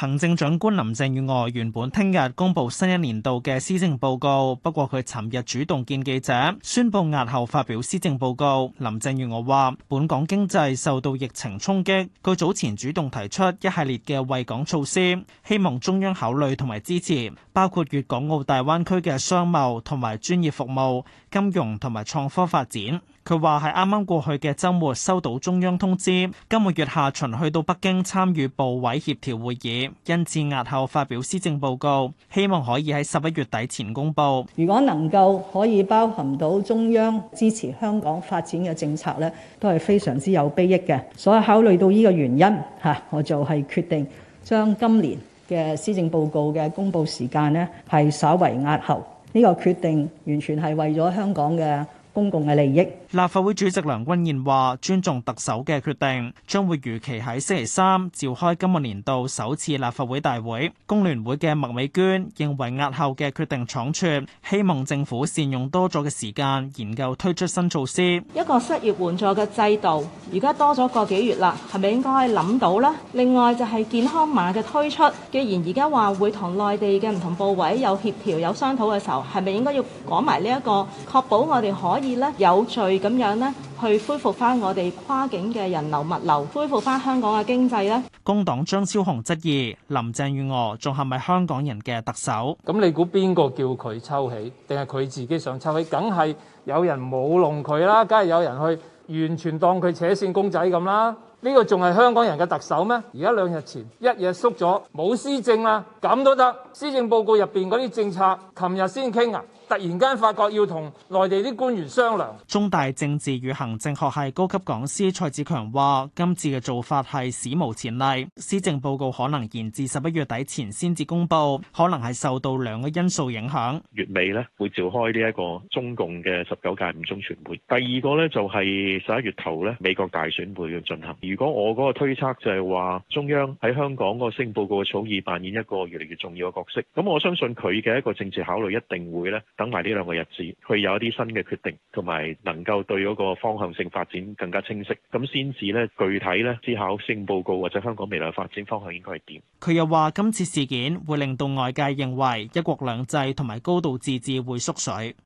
行政長官林鄭月娥原本聽日公布新一年度嘅施政報告，不過佢尋日主動見記者，宣布押後發表施政報告。林鄭月娥話，本港經濟受到疫情衝擊，佢早前主動提出一系列嘅惠港措施，希望中央考慮同埋支持，包括粵港澳大灣區嘅商貿同埋專業服務、金融同埋創科發展。佢話係啱啱過去嘅週末收到中央通知，今個月下旬去到北京參與部委協調會議，因此押後發表施政報告，希望可以喺十一月底前公佈。如果能夠可以包含到中央支持香港發展嘅政策咧，都係非常之有裨益嘅。所以考慮到呢個原因，吓，我就係決定將今年嘅施政報告嘅公佈時間呢係稍為押後。呢、呢個決定完全係為咗香港嘅。公共嘅利益。立法會主席梁君彥話：尊重特首嘅決定，將會如期喺星期三召開今個年度首次立法會大會。工聯會嘅麥美娟認為押後嘅決定倉促，希望政府善用多咗嘅時間研究推出新措施。一個失業援助嘅制度。而家多咗個幾月啦，係咪應該諗到呢？另外就係健康碼嘅推出，既然而家話會同內地嘅唔同部委有協調、有商討嘅時候，係咪應該要講埋呢一個，確保我哋可以咧有序咁樣咧，去恢復翻我哋跨境嘅人流物流，恢復翻香港嘅經濟呢？工黨張超雄質疑：林鄭月娥仲係咪香港人嘅特首？咁你估邊個叫佢抽起？定係佢自己想抽起？梗係有人舞弄佢啦，梗係有人去。完全當佢扯線公仔咁啦，呢個仲係香港人嘅特首咩？而家兩日前一嘢縮咗，冇施政啦，咁都得？施政報告入面嗰啲政策，琴日先傾啊。突然間發覺要同內地啲官員商量，中大政治與行政學系高級講師蔡志強話：今次嘅做法係史無前例，施政報告可能延至十一月底前先至公佈，可能係受到兩個因素影響。月尾呢會召開呢一個中共嘅十九屆五中全會，第二個呢就係十一月頭美國大選會嘅進行。如果我嗰個推測就係話中央喺香港嗰個施政報告嘅草擬扮演一個越嚟越重要嘅角色，咁我相信佢嘅一個政治考慮一定會呢等埋呢兩個日子，佢有一啲新嘅決定，同埋能夠對嗰個方向性發展更加清晰，咁先至咧具體咧思考施政報告或者香港未來發展方向應該係點。佢又話今次事件會令到外界認為一國兩制同埋高度自治會縮水。